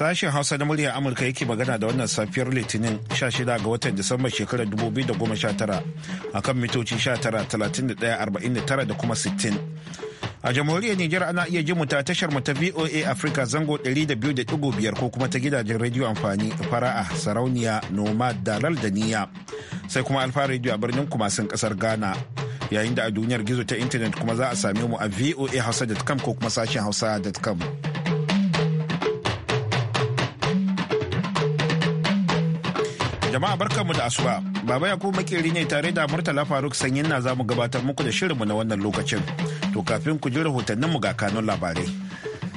Sashen Hausa na muryar Amurka yake magana da wannan safiyar Litinin 16 ga watan Disamba shekarar 2019 akan mitoci 19,31,49 da kuma 60. A jamhuriyar Nijar ana iya jin ta tashar mu ta VOA Africa zango 200.5 ko kuma ta gidajen rediyo amfani fara'a sarauniya nomad dalal da niya sai kuma alfa rediyo a birnin kumasin kasar Ghana yayin da a duniyar gizo ta intanet kuma za a same mu a voa hausa.com ko kuma sashen hausa.com. Jama'a barkanmu da asuba. Baba ya kuma makeri ne tare da Murtala Faruk Sanyin na zamu gabatar muku da shirinmu na wannan lokacin. To kafin ku ji rahotanninmu ga kanun labarai.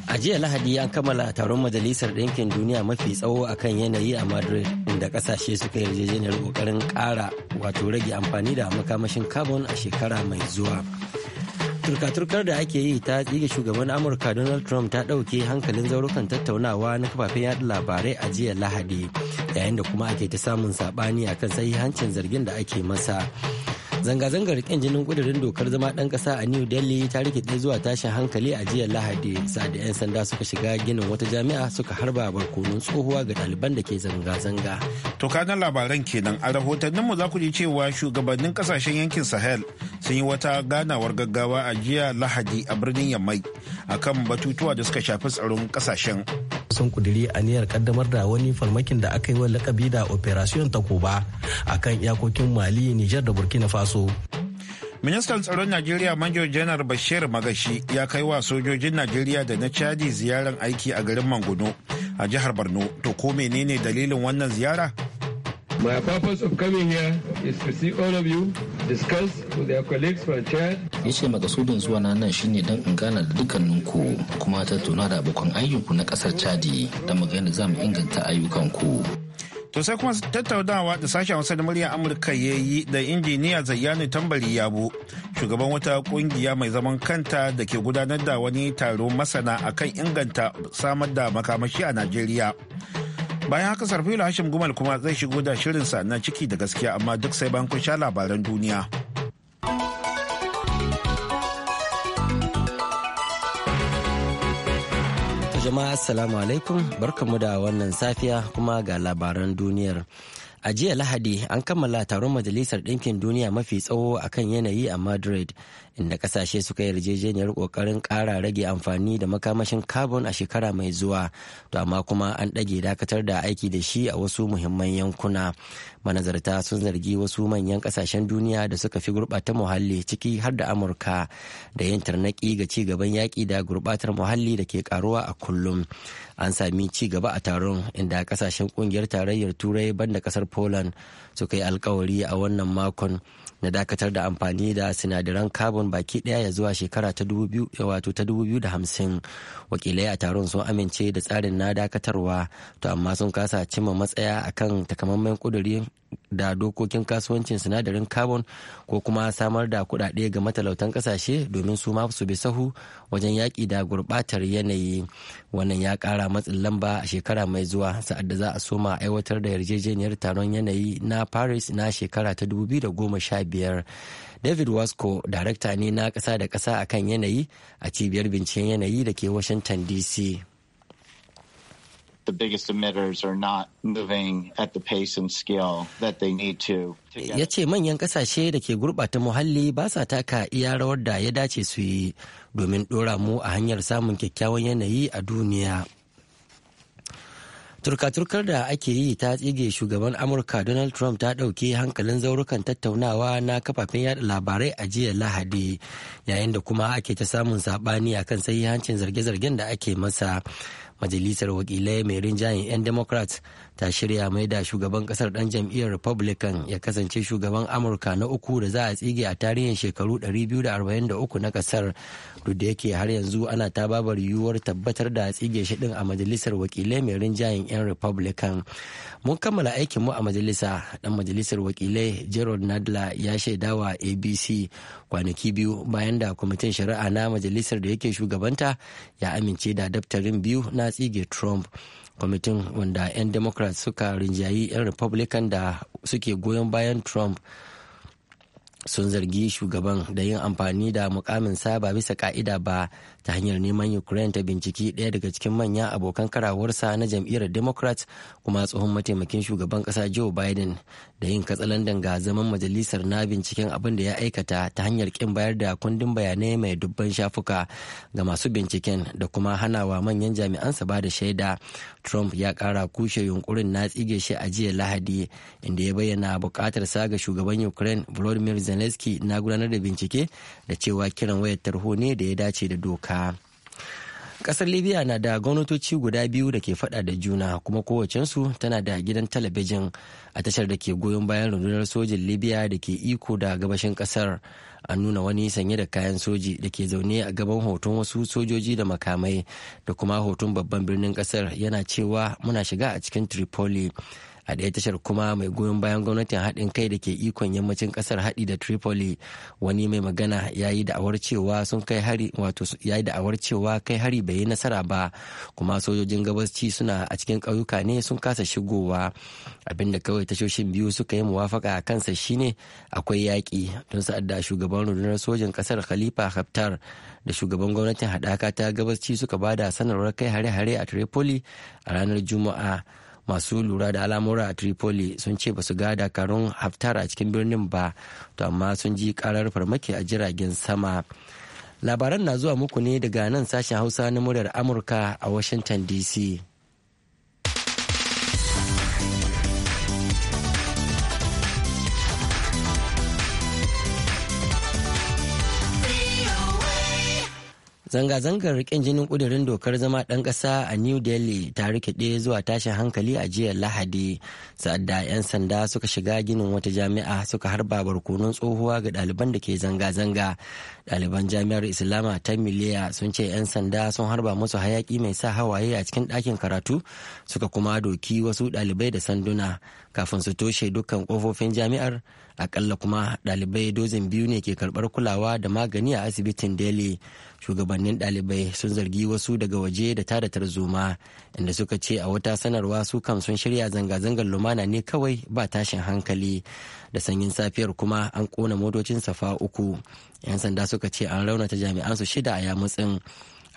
A jiya Lahadi an kammala taron Majalisar Ɗinkin Duniya mafi tsawo akan yanayi a Madrid inda ƙasashe suka yarjejeniyar ƙoƙarin ƙara wato rage amfani da makamashin carbon a shekara mai zuwa. turka-turkar da ake yi ta tsige shugaban amurka donald trump ta ɗauke hankalin zaurukan tattaunawa na kafafen yada labarai a jiya lahadi yayin da kuma ake ta samun saɓani akan sahihancin zargin da ake masa zanga-zangar kyan jinin kudarin dokar zama dan kasa a new delhi ta rikide zuwa tashin hankali a jiya lahadi sa'ad 'yan sanda suka shiga ginin wata jami'a suka harba barkonon tsohuwa ga daliban da ke zanga-zanga to kanan labaran kenan a rahotannin mu za ku ji cewa shugabannin kasashen yankin sahel sun yi wata ganawar gaggawa a jiya lahadi a birnin yammai akan batutuwa da suka shafi tsaron kasashen sun a aniyar kaddamar da wani farmakin da aka yi wa lakabi da operation takoba a kan iyakokin mali nijar da burkina faso ministan tsaron najeriya major janar bashir magashi ya kai wa sojojin najeriya da na chadi ziyarar aiki a garin mangono a jihar borno to ko menene dalilin wannan ziyara My purpose of coming here is to see all of you, discuss with your colleagues from Chad. Ya ce makasudin zuwa na nan shine dan in gana da dukkaninku kuma tuna da abokan ayyuku na kasar Chadi da magana za mu inganta ayyukanku. To sai kuma tattaunawa da sashen Hausa da muryar Amurka ya yi da injiniya Zayyani Tambari Yabo, shugaban wata kungiya mai zaman kanta da ke gudanar da wani taro masana akan inganta samar da makamashi a Najeriya. bayan haka sarfilo hashim gumal kuma zai shigo da shirinsa na ciki da gaskiya amma duk sai bayan kun sha labaran duniya jama'a assalamu alaikum barkamu da wannan safiya kuma ga labaran duniyar a jiya lahadi an kammala taron majalisar ɗinkin duniya mafi tsawo akan yanayi a madrid inda kasashe suka yarjejeniyar kokarin kara rage amfani da makamashin carbon a shekara mai zuwa to amma kuma an ɗage dakatar da aiki da shi a wasu muhimman yankuna manazarta sun zargi wasu manyan kasashen duniya da suka fi gurɓata muhalli ciki har da amurka da yin tarnaki ga ci gaban yaƙi da gurɓatar muhalli da ke karuwa a kullum an sami ci gaba a taron inda kasashen ƙungiyar tarayyar turai banda ƙasar poland suka yi alkawari a wannan makon na dakatar da amfani da sinadaran carbon tsarin baki daya ya zuwa shekara ta dubu biyu wato ta da hamsin wakilai a taron sun amince da tsarin na dakatarwa to amma sun kasa cimma matsaya akan takamaiman kuduri da dokokin kasuwancin sinadarin carbon ko kuma samar da kuɗaɗe ga matalautan ƙasashe domin su ma su bi sahu wajen yaƙi da gurɓatar yanayi wannan ya ƙara matsin lamba a shekara mai zuwa sa'ad da za a soma aiwatar da yarjejeniyar taron yanayi na paris na shekara ta 2015 david wasco darakta ne na ƙasa da ƙasa akan yanayi a cibiyar binciken yanayi da ke washington dc the biggest emitters are not moving at the pace and scale that they need to. Ya ce manyan kasashe da ke gurɓata muhalli ba sa taka iya rawar da ya dace su yi domin ɗora mu a hanyar samun kyakkyawan yanayi a duniya. Turka-turkar da ake yi ta tsige shugaban Amurka Donald Trump ta ɗauki hankalin zaurukan tattaunawa na kafafen yada labarai a jiya Lahadi, yayin da kuma ake ta samun saɓani akan sahihancin zarge-zargen da ake masa. majalisar wakilai mai rinjayen 'yan democrat ta shirya mai da shugaban kasar dan jam'iyyar republican ya kasance shugaban amurka na uku da za a tsige a tarihin shekaru 243 na kasar duk da yake har yanzu ana ta babar yiwuwar tabbatar da tsige shi din a majalisar wakilai mai rinjayen 'yan republican mun kammala aikinmu a majalisa dan majalisar wakilai gerald nadler ya shaidawa abc kwanaki biyu bayan da kwamitin shari'a na majalisar da yake shugabanta ya amince da daftarin biyu na tsige trump kwamitin wanda 'yan democrat suka rinjayi 'yan republican da suke goyon bayan trump sun zargi shugaban da yin amfani da mukamin sa ba bisa ka'ida ba ta hanyar neman ukraine ta binciki ɗaya daga cikin manya abokan karawarsa na jam'iyyar democrat kuma tsohon mataimakin shugaban ƙasa joe biden da yin katsalandan ga zaman majalisar na binciken abin da ya aikata ta hanyar ƙin bayar da kundin bayanai mai dubban shafuka ga masu binciken da kuma hanawa manyan jami'ansa ba da shaida trump ya kara kushe yunkurin na tsige shi a jiya lahadi inda ya bayyana buƙatar sa ga shugaban ukraine volodymyr zelensky na gudanar da bincike da cewa kiran wayar tarho ne da ya dace da doka amurka kasar libya na da gwamnatoci guda biyu da ke fada da juna kuma kowacensu tana da gidan talabijin a tashar da ke goyon bayan rundunar sojin libya da ke iko da gabashin kasar a nuna wani sanye da kayan soji da ke zaune a gaban hoton wasu sojoji da makamai da kuma hoton babban birnin kasar yana cewa muna shiga a cikin tripoli a ɗaya tashar kuma mai goyon bayan gwamnatin haɗin kai da ke ikon yammacin ƙasar haɗi da tripoli wani mai magana ya yi da'awar cewa sun kai hari wato ya yi da'awar cewa kai hari bai yi nasara ba kuma sojojin gabasci suna a cikin ƙauyuka ne sun kasa shigowa abinda kawai tashoshin biyu suka yi muwafaka a kansa shine akwai yaƙi don sa'ad da shugaban rundunar sojin ƙasar khalifa haftar da shugaban gwamnatin haɗaka ta gabasci suka bada sanarwar kai hare-hare a tripoli a ranar juma'a masu lura da al'amura a tripoli sun ce ba su ga dakarun haftar a cikin birnin ba to amma sun ji karar farmaki a jiragen sama labaran na zuwa muku ne daga nan sashen hausa na muryar amurka a washington dc Zanga-zangar rikin jinin kudirin dokar zama ɗan ƙasa a New Delhi ta rikide zuwa tashin hankali a jiya Lahadi, sa'adda 'yan sanda suka shiga ginin wata jami'a suka harba barkonon tsohuwa ga ɗaliban da ke zanga-zanga. Ɗaliban jami'ar Islama ta Miliya sun ce 'yan sanda sun harba musu hayaki mai sa hawaye a cikin ɗakin karatu suka kuma doki wasu ɗalibai da sanduna kafin su toshe dukkan ƙofofin jami'ar akalla kuma ɗalibai dozin biyu ne ke karɓar kulawa da magani a asibitin Delhi. shugabannin ɗalibai sun zargi wasu daga waje da tada tarzoma inda suka ce a wata sanarwa su kam sun shirya zanga-zangar lumana ne kawai ba tashin hankali da sanyin safiyar kuma an kona motocin safa uku 'yan sanda suka ce an raunata jami'an su shida a yamutsin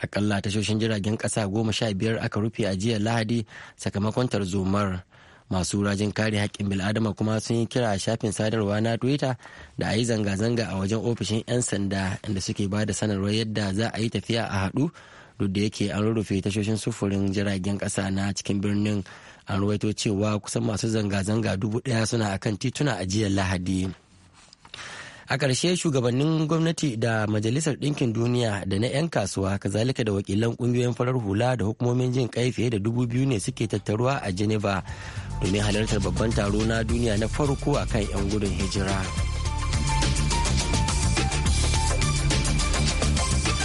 akalla tashoshin jiragen ƙasa goma sha biyar aka rufe a jiya lahadi sakamakon tarzomar masu rajin kare haƙƙin bil'adama kuma sun yi kira a shafin sadarwa na twitter da a yi zanga-zanga a wajen ofishin 'yan sanda inda suke ba da sanarwar yadda za a yi tafiya a haɗu duk da yake an rurrufe tashoshin sufurin jiragen ƙasa na cikin birnin an ruwaito cewa kusan masu zanga-zanga dubu ɗaya suna akan tituna a jiya lahadi. a ƙarshe shugabannin gwamnati da majalisar ɗinkin duniya da na 'yan kasuwa kazalika da wakilan ƙungiyoyin farar hula da hukumomin jin kai fiye da dubu biyu ne suke tattaruwa a geneva domin halartar babban taro na duniya na farko a kan 'yan gudun hijira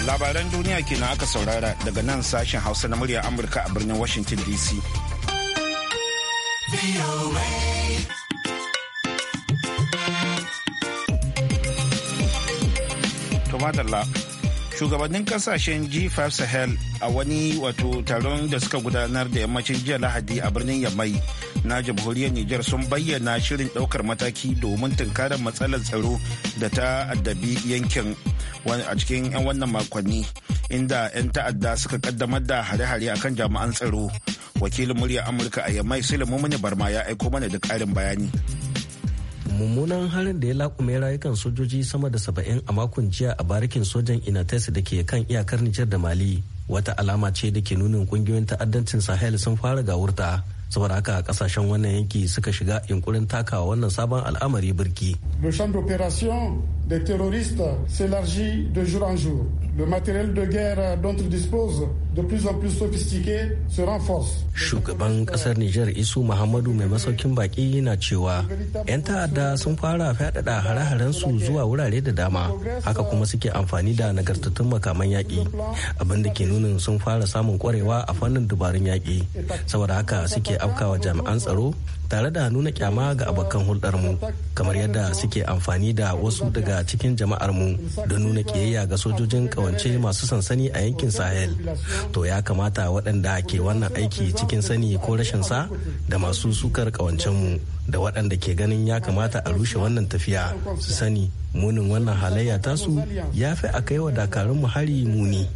labaran duniya kenan aka saurara daga nan sashen hausa na murya amurka a birnin washington dc madalla shugabannin kasashen g5 sahel a wani wato taron da suka gudanar da yammacin jiya lahadi a birnin yamai na jamhuriyar nijar sun bayyana shirin daukar mataki domin tunkarar matsalar tsaro da ta addabi yankin a cikin 'yan wannan makonni inda 'yan ta'adda suka kaddamar da hare-hare akan jami'an tsaro wakilin murya amurka a yamai Sulemu mini barma ya aiko mana da karin bayani mummunan harin da ya lakume rayukan sojoji sama da saba'in a makon jiya a barikin sojan inates da ke kan iyakar nijar da mali wata alama ce da ke nunin kungiyoyin ta'addancin sahel sun fara gawurta saboda haka kasashen wannan yanki suka shiga yunkurin takawa wannan sabon al'amari birki. des terroristes s'élargit de jour en jour. Le matériel de guerre dont ils disposent da plus en plus sophistiqué se renforce. Shugaban ƙasar Nijar Isu Muhammadu mai masaukin baƙi na cewa 'yan ta'adda sun fara fyaɗaɗa hare-haren su zuwa wurare da dama haka kuma suke amfani da nagartattun makaman yaƙi abinda ke nunin sun fara samun ƙwarewa a fannin dubarun yaƙi saboda haka suke afkawa jami'an tsaro tare da nuna kyama ga abokan hulɗarmu kamar yadda suke amfani da wasu daga cikin jama'armu don nuna kiyayya ga sojojin ƙawance masu sansani a yankin sahel to ya kamata waɗanda ke wannan aiki cikin sani ko rashin sa da masu sukar ƙawancenmu da waɗanda ke ganin ya kamata a rushe wannan tafiya su sani munin wannan halayya tasu ya fi a kai wa dakarunmu hari muni.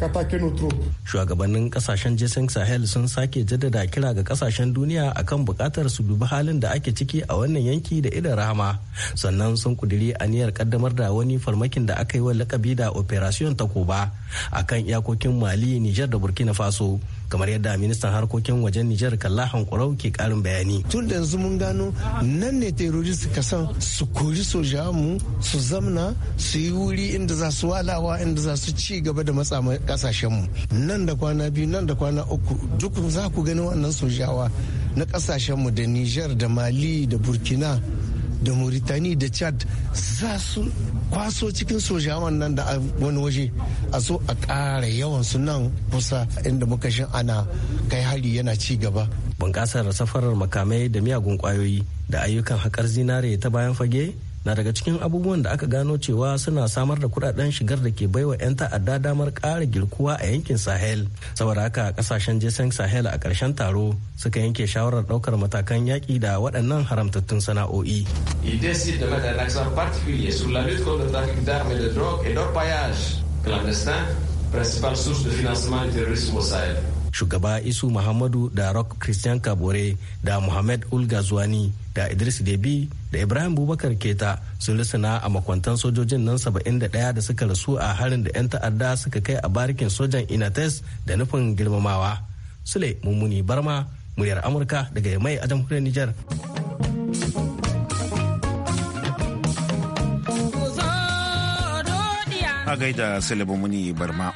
Shugabannin kasashen Jason Sahel sun sake jaddada kira ga kasashen duniya akan bukatar su dubi halin da ake ciki a wannan yanki da idan rahama. Sannan sun kuduri aniyar kaddamar da wani farmakin da aka yi wa lakabi da Operation koba akan iyakokin Mali, niger da Burkina Faso. kamar yadda ministan harkokin wajen Nijar Kalla Hankurau ke karin bayani. Tun da yanzu mun gano nan ne terrorist suka san su kori sojamu su zamna su yi wuri inda za su walawa inda za su ci gaba da matsa kasashenmu nan da kwana biyu nan da kwana uku duk za ku gani wannan sojawa na kasashenmu da niger da mali da burkina da mauritani da chad za su kwaso cikin sojawan nan da wani waje a so a ƙara yawan su nan kusa inda muka shi ana kai hali yana ci gaba bunƙasar safarar makamai da miyagun ƙwayoyi da ayyukan haƙar zinare ta bayan fage na daga cikin abubuwan da aka gano cewa suna samar da kudaden shigar da ke baiwa 'yan ta'adda damar ƙara girkuwa a yankin sahel saboda haka kasashen jason sahel a ƙarshen taro suka yanke shawarar ɗaukar matakan yaƙi da waɗannan haramtattun sana'o'i principale source de financement du terrorisme au Sahel. shugaba isu muhammadu da rock christian kabore da muhammad ulga zuwani da idris debi da ibrahim bubakar keta sun risana a makwantan sojojin nan 71 da suka rasu a harin da 'yan ta'adda suka kai a barikin sojan inates da nufin girmamawa sule mummuni barma muryar amurka daga mai a jamhuriyar nijar. a gaida Muni Barma.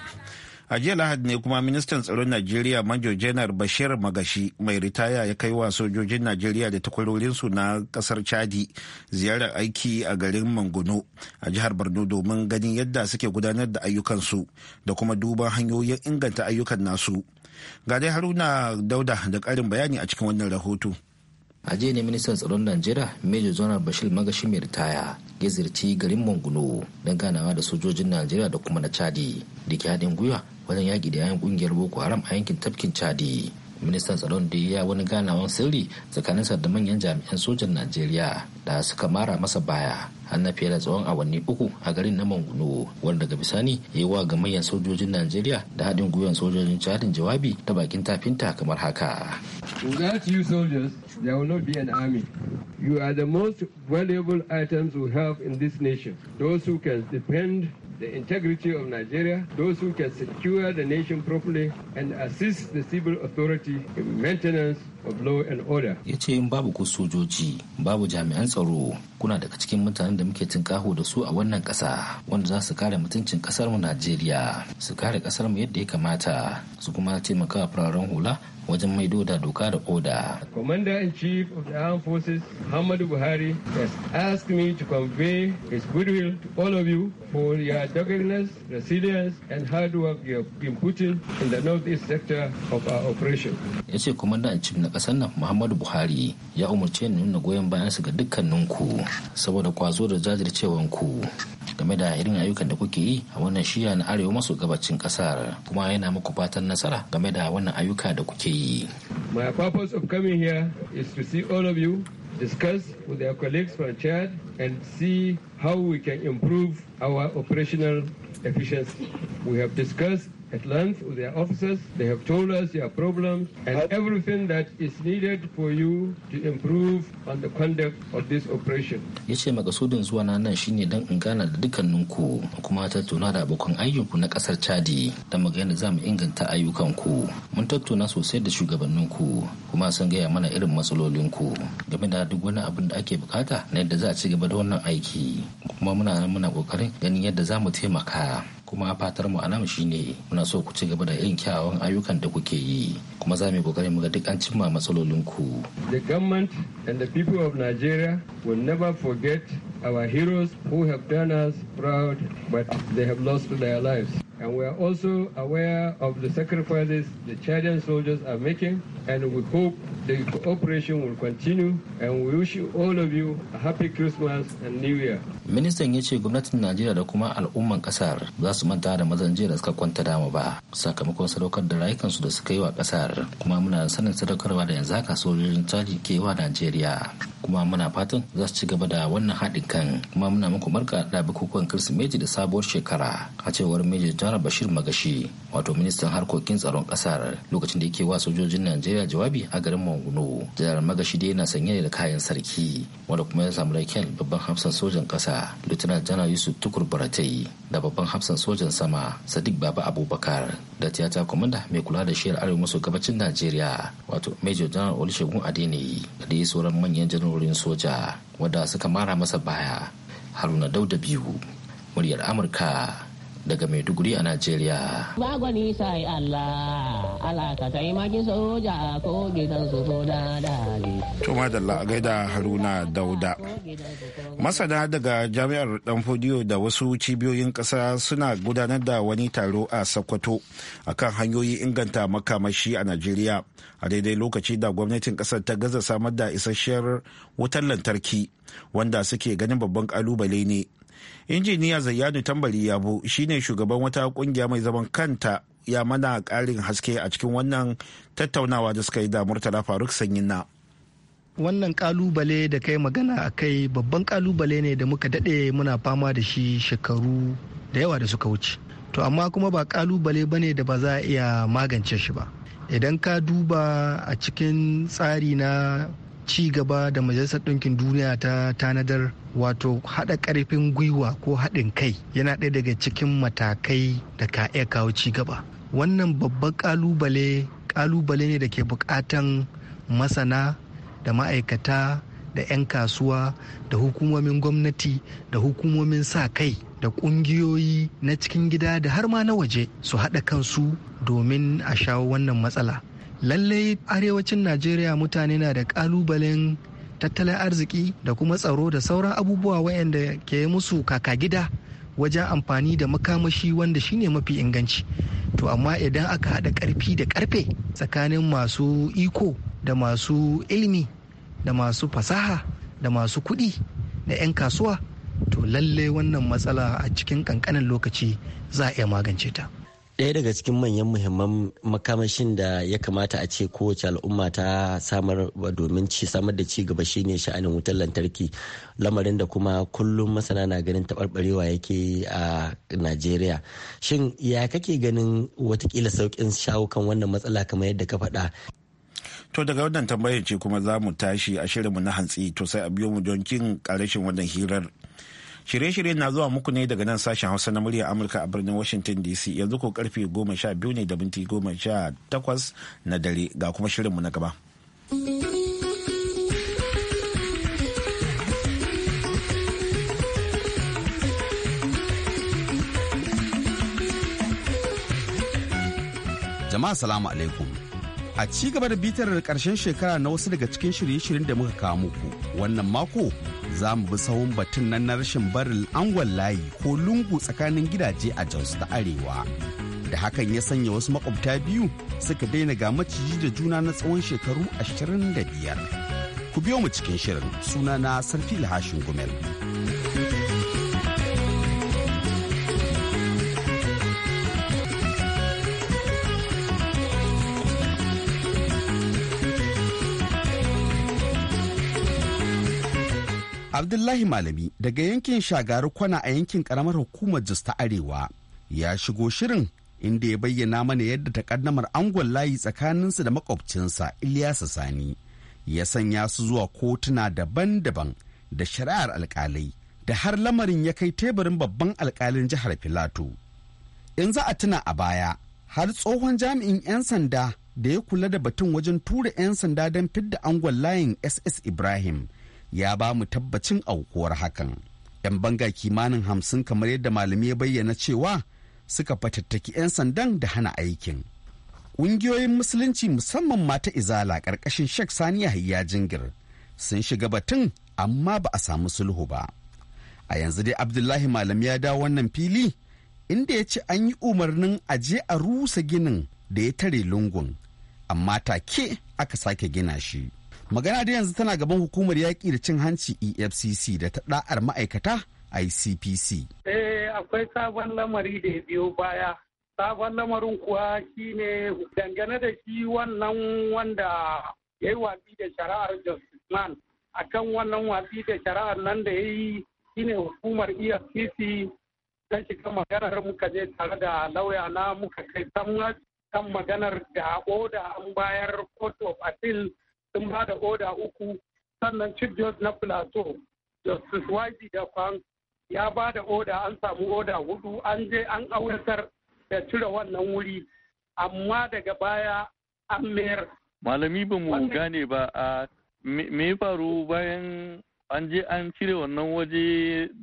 a jiya lahadi ne kuma ministan tsaron najeriya manjo janar bashir magashi mai ritaya ya kai wa sojojin najeriya da takwarorinsu na kasar chadi ziyarar aiki a garin mangono a jihar borno domin ganin yadda suke gudanar da ayyukansu da kuma duban hanyoyin inganta ayyukan nasu ga dai haruna dauda da karin bayani a cikin wannan rahoto a jiya ne ministan tsaron najeriya major general bashir magashi mai ritaya ya zirci garin mangono don ganawa da sojojin najeriya da kuma na chadi da ke haɗin gwiwa wajen yaƙi da 'ya'yan ƙungiyar boko haram a yankin tafkin chadi ministan tsaron da ya wani ganawan sirri tsakaninsa da manyan jami'an sojan najeriya da suka mara masa baya har na fiye da tsawon awanni uku a garin na manguno wanda daga bisani ya yi wa manyan sojojin najeriya da haɗin gwiwan sojojin chadin jawabi ta bakin tafinta kamar haka without you soldiers there will not be an army you are the most valuable items we have in this nation those who can depend the integrity of Nigeria, those who can secure the nation properly and assist the civil authority in maintenance of law and order. Ya ce in babu ku sojoji, babu jami'an tsaro, kuna daga cikin mutanen da muke tinkaho da su a wannan ƙasa wanda za su kare mutuncin ƙasar mu Najeriya, su kare ƙasar mu yadda ya kamata, su kuma taimaka fararen hula wajen maido da doka da oda. Commander in Chief of the Armed Forces Muhammadu Buhari has asked me to convey his goodwill to all of you for your doggedness, resilience and hard work you have been putting in the northeast sector of our operation. Ya ce Commander in Chief na kasar nan muhammadu buhari ya umarce ni nuna goyon bayansu ga dukkaninku saboda kwazo da jajircewanku game da irin ayyukan da kuke yi a wannan shiya na arewa maso gabacin kasar kuma yana muku fatan nasara game da wannan ayyuka da kuke yi. My purpose of coming here is to see all of you discuss with our colleagues from Chad and see how we can improve our operational efficiency. We have discussed at length with their officers. They have told us their problems and everything that is needed for you to improve on the conduct of this operation. Ya ce makasudin zuwa na nan shi ne don in gana da dukkaninku kuma tattauna da abokan ayyukanku na kasar Chadi da magana za mu inganta ayyukanku. Mun tattauna sosai da shugabanninku kuma sun gaya mana irin matsalolinku game da duk wani abin da ake bukata na yadda za a ci gaba da wannan aiki kuma muna nan muna kokarin ganin yadda za mu taimaka. kuma a fatar mu shi ne muna so ku ci gaba da irin kyawawan ayyukan da kuke yi kuma za mu kokari mu ga duk an cimma matsalolin ku the government and the people of Nigeria will never forget our heroes who have done us proud but they have lost their lives and we are also aware of the sacrifices the Chadian soldiers are making, and we hope the cooperation will continue, and we wish all of you a happy Christmas and New Year. Ministan ya ce gwamnatin Najeriya da kuma al'umman kasar za su manta da mazan jiya da suka kwanta dama ba sakamakon sadaukar da rayukansu da suka yi wa kasar kuma muna sanin sadaukarwa da yanzu haka sojojin caji ke wa Najeriya. kuma muna fatan za su ci gaba da wannan haɗin kan kuma muna muku marka da bukukuwan kirsimeti da sabuwar shekara a cewar major janar bashir magashi wato ministan harkokin tsaron ƙasar lokacin da yake wa sojojin najeriya jawabi a garin manguno janar magashi dai yana sanye da kayan sarki wanda kuma ya samu laifin babban hafsan sojan ƙasa lieutenant janar yusuf tukur baratai da babban hafsan sojan sama sadiq baba abubakar da tiyata kwamanda mai kula da shiyar arewa maso gabacin najeriya wato major janar olusegun adeniyi da dai sauran manyan janar wurin soja wadda suka mara masa baya haruna dauda biyu muryar amurka daga Maiduguri a Najeriya. Ba gwani yi Allah, Allah ka taimaki soja ko gidan su ko Tuma da la'agai da Haruna Dauda. Masana daga Jami'ar Danfodiyo da wasu cibiyoyin ƙasa suna gudanar da wani taro a Sokoto kan hanyoyi inganta makamashi a Najeriya a daidai lokaci da gwamnatin ƙasar ta gaza samar da isasshiyar wutar lantarki wanda suke ganin babban ƙalubale ne. injiniya zayyanu tambari yabo shine shugaban wata kungiya mai zaman kanta ya mana karin haske a cikin wannan tattaunawa da suka yi da murtala faruk sanyin na wannan kalubale da kai magana a kai babban kalubale ne da muka daɗe muna fama da shi shekaru da yawa da suka wuce to amma kuma ba kalubale ba ne da ba za a iya magance shi ba idan ka duba a cikin tsari na ci gaba da majalisar ɗinkin duniya ta tanadar wato haɗa ƙarfin gwiwa ko haɗin kai yana ɗaya daga cikin matakai da ka iya kawo ci gaba wannan babban ƙalubale ƙalubale ne da ke buƙatan masana da ma'aikata da 'yan kasuwa da hukumomin gwamnati da hukumomin sa kai da ƙungiyoyi na cikin gida da har ma na waje su haɗa kansu domin a shawo wannan matsala lallai arewacin najeriya mutane na da kalubalen tattalin arziki da kuma tsaro da sauran abubuwa waɗanda ke musu kaka gida wajen amfani da makamashi wanda shine mafi inganci to amma idan aka haɗa ƙarfi da ƙarfe tsakanin masu iko da masu ilimi da masu fasaha da masu kuɗi da 'yan kasuwa to lallai wannan matsala a cikin ƙanƙanin lokaci za a iya magance ta. daya daga cikin manyan muhimman makamashin da ya kamata a ce kowace al'umma ta samar domin ci samar da ci gaba shine sha'anin wutar lantarki lamarin da kuma kullum masana na ganin taɓarɓarewa yake a najeriya shin ya kake ganin watakila sauƙin shawo kan wannan matsala kamar yadda ka faɗa to daga wannan tambayar ce kuma za mu tashi a shirinmu na hantsi to sai a biyo mu don kin ƙarashin wannan hirar shirye-shirye na zuwa muku ne daga nan sashen hausa na murya amurka a birnin washington dc yanzu ko karfe goma sha biyu ne da minti goma sha takwas na dare ga kuma shirinmu na gaba jama'a salamu alaikum a ci gaba da bitar karshen shekara na wasu daga cikin shirye-shiryen da muka kawo muku wannan mako za mu bi sahun batun nan na rashin barin angon layi ko lungu tsakanin gidaje a jos da arewa da hakan ya sanya wasu makwabta biyu suka daina ga maciji da juna na tsawon shekaru 25 ku biyo mu cikin shirin sunana sarfi Lahashin gumel Abdullahi Malami daga yankin Shagaru Kwana a yankin karamar hukumar Jos ta Arewa ya shigo shirin inda ya bayyana mana yadda takaddamar angon layi tsakaninsa da makwabcinsa Iliyasa Sani ya sanya su zuwa kotuna daban-daban da shari'ar alkalai da har lamarin ya kai teburin babban alkalin jihar Filato. In za a tuna a baya, har tsohon jami'in 'yan sanda da ya kula da batun wajen tura 'yan sanda don fidda angon layin SS Ibrahim ya ba mu tabbacin aukuwar hakan. 'Yan banga kimanin hamsin kamar yadda malami ya bayyana cewa suka fatattaki 'yan sandan da hana aikin. Ƙungiyoyin Musulunci musamman mata Izala ƙarƙashin Sheikh Sani Yahya Jingir sun shiga batun amma ba a samu sulhu ba. A yanzu dai Abdullahi malami ya dawo wannan fili inda ya ce an yi umarnin a je a rusa ginin da ya tare lungun amma take aka sake gina shi magana da yanzu tana gaban hukumar yaƙi da cin hanci efcc da ta ɗa'ar ma'aikata icpc eh akwai sabon lamari da ya biyo baya sabon lamarin kuwa shine dangane da shi wannan wanda ya yi watsi da shari'ar jusman a kan wannan watsi da shari'ar nan da ya yi shine hukumar efcc ta shiga maganar muka je tare da lauya na muka kai kan maganar da oda an bayar court of appeal sun ba da oda uku sannan chief judge na plateau justice yg da kwan ya ba da oda an samu oda hudu an je an auratar da cire wannan wuri amma daga baya an mayar malami ba mu gane ba a me faru bayan an je an cire wannan waje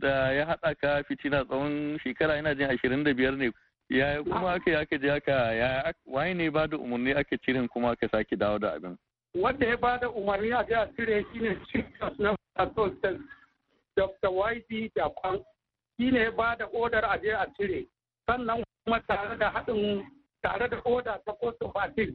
da ya haɗa ka fitina tsawon shekara yana jin ashirin da biyar ne ya kuma aka yi aka je aka ya waye ne ba da umarni aka cire kuma aka sake dawo da abin wanda ya bada umarni a jihar cire shi ne chief na Plateau Dr. YB Jakwan shi ne ya bada odar a je a cire sannan kuma tare da haɗin tare da oda ta Court of Appeal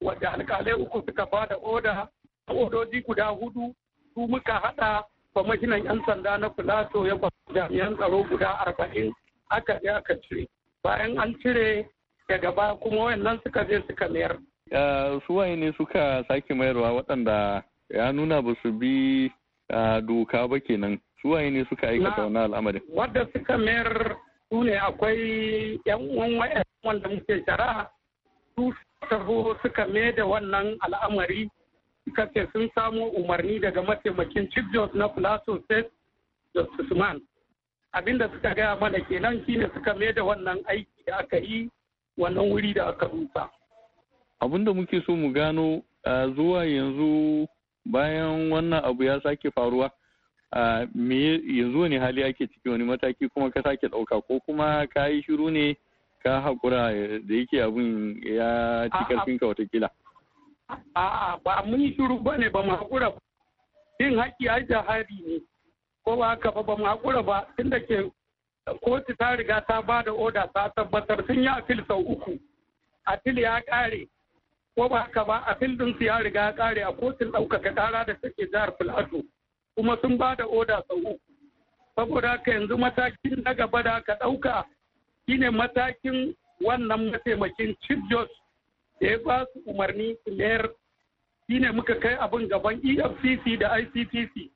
wadda alƙalai uku suka bada oda odoji guda hudu su muka haɗa kwamishinan 'yan sanda na Filato ya jami'an tsaro guda arba'in aka je aka cire bayan an cire daga baya kuma wayannan suka je suka mayar suwaye ne suka sake mayarwa waɗanda ya nuna ba su bi doka ba kenan suwaye ne suka aikata wani al'amarin wadda suka mayar su ne akwai yan uwan waya wanda muke shara su taho suka mayar da wannan al'amari suka ce sun samo umarni daga mataimakin chief justice na plateau state justice man abinda suka gaya mana kenan shine suka mayar da wannan aiki da aka yi wannan wuri da aka rusa abin da muke so mu gano zuwa yanzu bayan wannan abu ya sake faruwa yanzu wani hali ake ciki wani mataki kuma ka sake ɗauka ko kuma ka yi shiru ne ka haƙura da yake abin ya ci karfinka watakila. A'a ba mun yi shiru ba ne ba mu haƙura ba. Yin a ai jihari ne. Ko ba haka ba ba mu haƙura ba tunda ke kotu ta riga ta ba da oda ta tabbatar sun yi afil sau uku. Afil ya ƙare. ko ba haka ba a din su ya riga ya kare a kotun ɗaukaka kara da take jihar Filato kuma sun ba da oda sau uku saboda haka yanzu matakin na gaba da aka ɗauka shine matakin wannan mataimakin chief judge da ya ba su umarni su mayar shine muka kai abin gaban efcc da ictc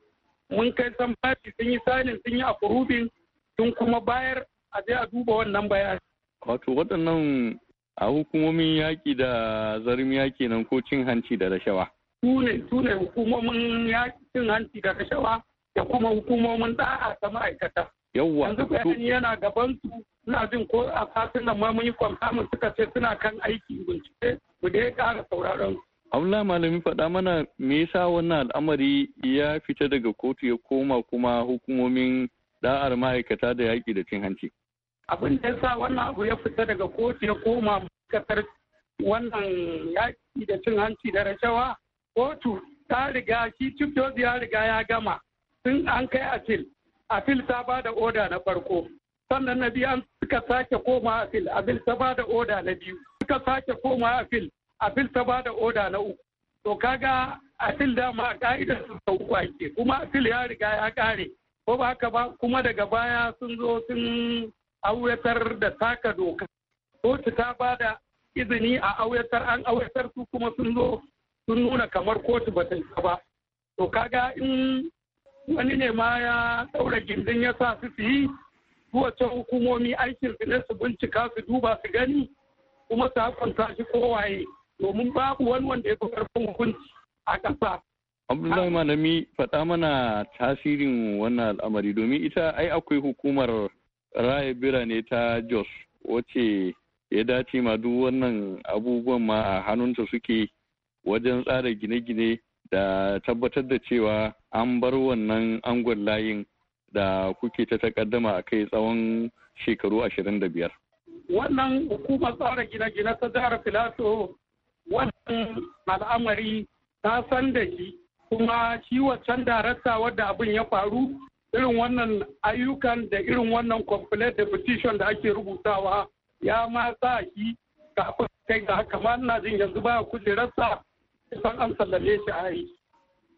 mun kai san bashi sun yi sanin sun yi afurubin sun kuma bayar a je a duba wannan bayani wato waɗannan a hukumomin yaƙi da yaƙi nan ko cin hanci da rashawa. Sune tune hukumomin cin hanci da rashawa da kuma hukumomin ɗa'a ta ma'aikata. Yawwa. Yanzu bayani yana gaban su suna jin ko a satin nan mun yi kwamfamin suka ce suna kan aiki bincike mu dai ƙara sauraron su. Malami faɗa mana me yasa wannan al'amari ya fita daga kotu ya koma kuma hukumomin da'ar ma'aikata da yaƙi da cin hanci. abin da yasa wannan abu ya fita daga kotu ya koma kasar wannan yaki da cin hanci da rashawa kotu ta riga shi chief ya riga ya gama tun an kai apil apil ta ba da oda na farko sannan na biyu an suka sake koma apil apil ta ba da oda na biyu suka sake koma apil apil ta ba da oda na uku to kaga apil dama ka'idar su ta uku ake kuma apil ya riga ya kare ko ba haka ba kuma daga baya sun zo sun auyatar da taka doka kotu ta ba da izini a auyatar an auyatar su kuma sun zo sun nuna kamar kotu ba ta yi ba to kaga in wani ne ma ya ɗaura gindin ya sa su su yi wacce hukumomi aikin su ne su bincika su duba su gani kuma su hakunta shi kowaye domin babu wani wanda ya fi karfin hukunci a ƙasa. Abdullahi Malami faɗa mana tasirin wannan al'amari domin ita ai akwai hukumar raye birane ta jos wace ya dace ma duk wannan abubuwan ma a hannunta suke wajen tsara gine-gine da tabbatar da cewa an bar wannan angon layin da kuke ta takaddama a kai tsawon shekaru ashirin da biyar. Wannan hukumar tsara gine-gine ta jihar Filato wannan al'amari ta san da shi kuma shi waccan darakta wadda abin ya faru irin wannan ayyukan da irin wannan complaint da petition da ake rubutawa ya ma sa shi kafin kai ga haka ma ina jin yanzu baya kujerarsa san an sallame shi a yi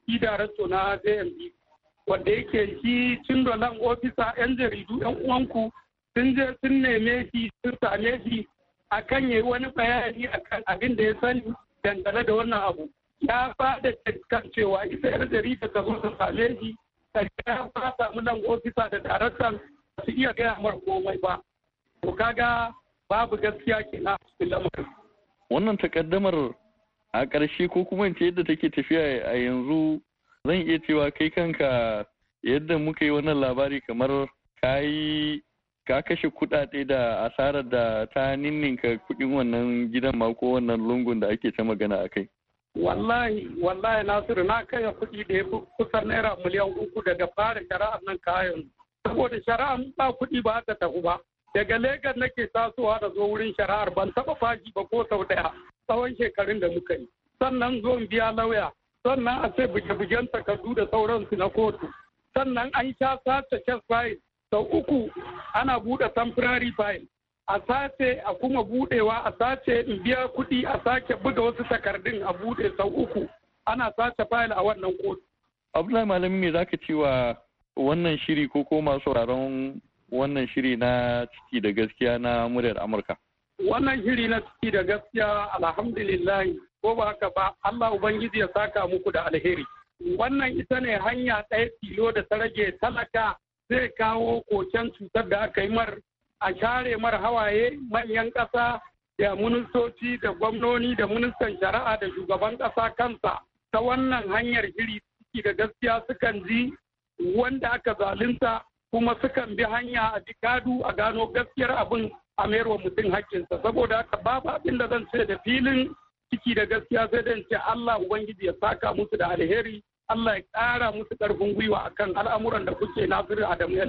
shi darakto na jmb wanda yake shi cindolan ofisa yan jaridu yan uwanku sun je sun neme shi sun same shi akan yi wani bayani akan abin da ya sani dangane da wannan abu ya ba da cewa ita yar jarida ta zo ta same shi ka ya fara samu nan ofisa da daraktan su iya gaya komai ba to kaga babu gaskiya kenan cikin lamarin wannan takaddamar a ƙarshe ko kuma ce yadda take tafiya a yanzu zan iya cewa kai kanka yadda muka yi wannan labari kamar ka yi ka kashe kuɗaɗe da asarar da ta ninninka kuɗin wannan gidan ma ko wannan lungun da ake ta magana a kai wallahi wallahi nasiru na kai kuɗi da ya kusan naira miliyan uku daga fara shari'ar nan kayan saboda shari'ar ba kuɗi ba ta tafi ba daga legas nake tasowa da zo wurin shari'ar ban taɓa fashi ba ko sau ɗaya tsawon shekarun da muka yi sannan zo biya lauya sannan a ce buge-bugen takardu da sauransu na kotu sannan an sha sace chest file sau uku ana buɗe temporary file a sace a kuma budewa a sace in biya kuɗi a sake buga wasu takardun a bude sau uku ana sace fayil a wannan kotu. Abdullahi Malami me zaka ce wa wannan shiri ko ko masu sauraron wannan shiri na ciki da gaskiya na muryar Amurka? Wannan shiri na ciki da gaskiya alhamdulillah ko ba haka ba Allah Ubangiji ya saka muku da alheri. Wannan ita ne hanya ɗaya tilo da ta rage talaka zai kawo koken cutar da aka yi mar a share mara hawaye manyan ƙasa da ministoci da gwamnoni da ministan shari'a da shugaban ƙasa kansa ta wannan hanyar iri ciki da gaskiya sukan ji wanda aka zalunta kuma sukan bi hanya a jikadu a gano gaskiyar abin a mayarwa mutum hakkinsa saboda haka babu abin da zan ce da filin ciki da gaskiya sai dan ce Allah ubangiji ya saka musu da alheri Allah ya ƙara musu ƙarfin gwiwa akan al'amuran da kuke nasiru Adamu ya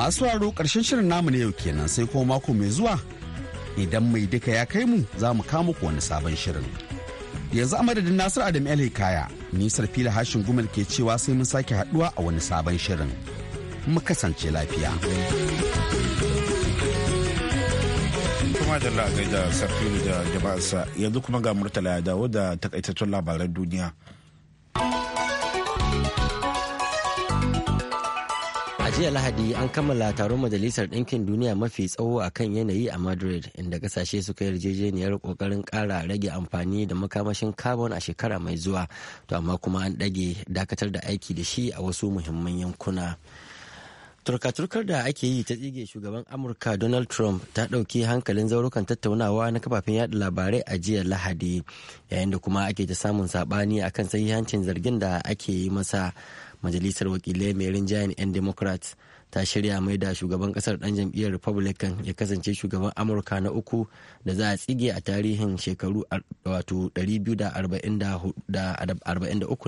masu raro karshen shirin namu ne yau kenan sai kuma mako mai zuwa idan mai duka ya kai mu za mu kama ku wani sabon shirin yanzu a madadin nasir adam el hikaya nisar fila hashin gumel ke cewa sai mun sake haduwa a wani sabon shirin mu kasance lafiya kuma da la'akai da da jama'arsa yanzu kuma ga murtala ya dawo da takaitattun labaran duniya jiya Lahadi an kammala taron Majalisar Ɗinkin Duniya mafi tsawo a kan yanayi a Madrid inda ƙasashe suka yarjejeniyar ƙoƙarin ƙara rage amfani da makamashin carbon a shekara mai zuwa, to amma kuma an ɗage dakatar da aiki da shi a wasu muhimman yankuna. turka-turkar da ake yi ta tsige shugaban amurka donald trump ta ɗauki hankalin zaurukan tattaunawa na kafafen yada labarai a jiya lahadi yayin da kuma ake ta samun saɓani akan sahihancin zargin da ake yi masa majalisar wakilai mai rinjayen 'yan democrat ta shirya mai da shugaban kasar dan jam'iyyar republican ya kasance shugaban amurka na uku da za a tsige a tarihin shekaru wato 243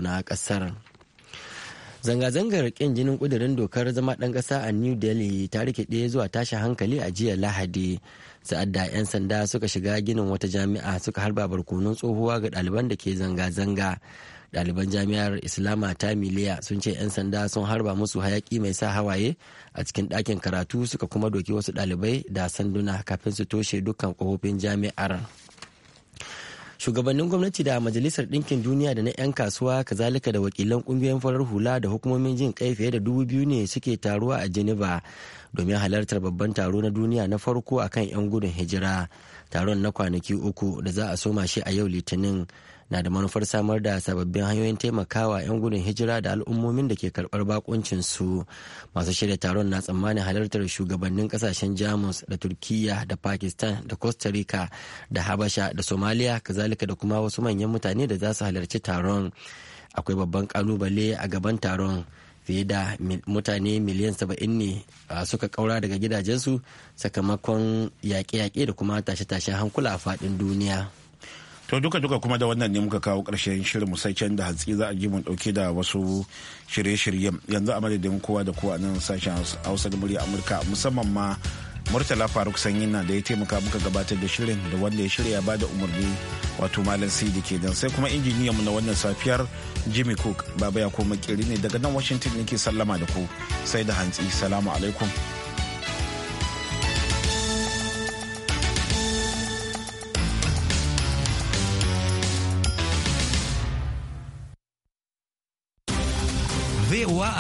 na kasar zanga-zangar kin jinin kudirin dokar zama dan kasa a new delhi ta rikide zuwa tashi hankali a jiya lahadi sa'ad da 'yan sanda suka shiga ginin wata jami'a suka harba barkonon tsohuwa ga ɗaliban da ke zanga-zanga daliban jami'ar islama ta miliya sun ce 'yan sanda sun harba musu hayaki mai sa hawaye a cikin ɗakin karatu suka kuma doki wasu ɗalibai da sanduna kafin su toshe dukkan kofofin jami'ar shugabannin gwamnati da majalisar ɗinkin duniya da na 'yan kasuwa kazalika da wakilan ƙungiyoyin farar hula da hukumomin jin kai fiye da dubu biyu ne suke taruwa a geneva domin halartar babban taro na duniya na farko akan 'yan gudun hijira taron na kwanaki uku da za a soma shi a yau litinin na da manufar samar da sababbin hanyoyin taimakawa 'yan gudun hijira da al'ummomin da ke karbar bakuncin su masu shirya taron na tsammanin halartar shugabannin kasashen jamus da turkiya da pakistan da costa rica da habasha da somalia kazalika da kuma wasu manyan mutane da za su halarci taron akwai babban kalubale a gaban taron fiye da mutane miliyan 70 ne suka kaura daga gidajensu sakamakon yaƙe-yaƙe da kuma tashe-tashen hankula a faɗin duniya. to duka duka kuma da wannan ne muka kawo ƙarshen shirin sai can da hatsi za a ji mun dauke da wasu shirye-shiryen yanzu a madadin kowa da kowa nan sashen hausa da murya amurka musamman ma murtala faruk sanyi na da ya taimaka muka gabatar da shirin da wanda ya shirya ba da umarni wato malam sidi ke dan sai kuma injiniyan mu na wannan safiyar jimmy cook baba ya koma kiri ne daga nan washington yake sallama da ku sai da hantsi salamu alaikum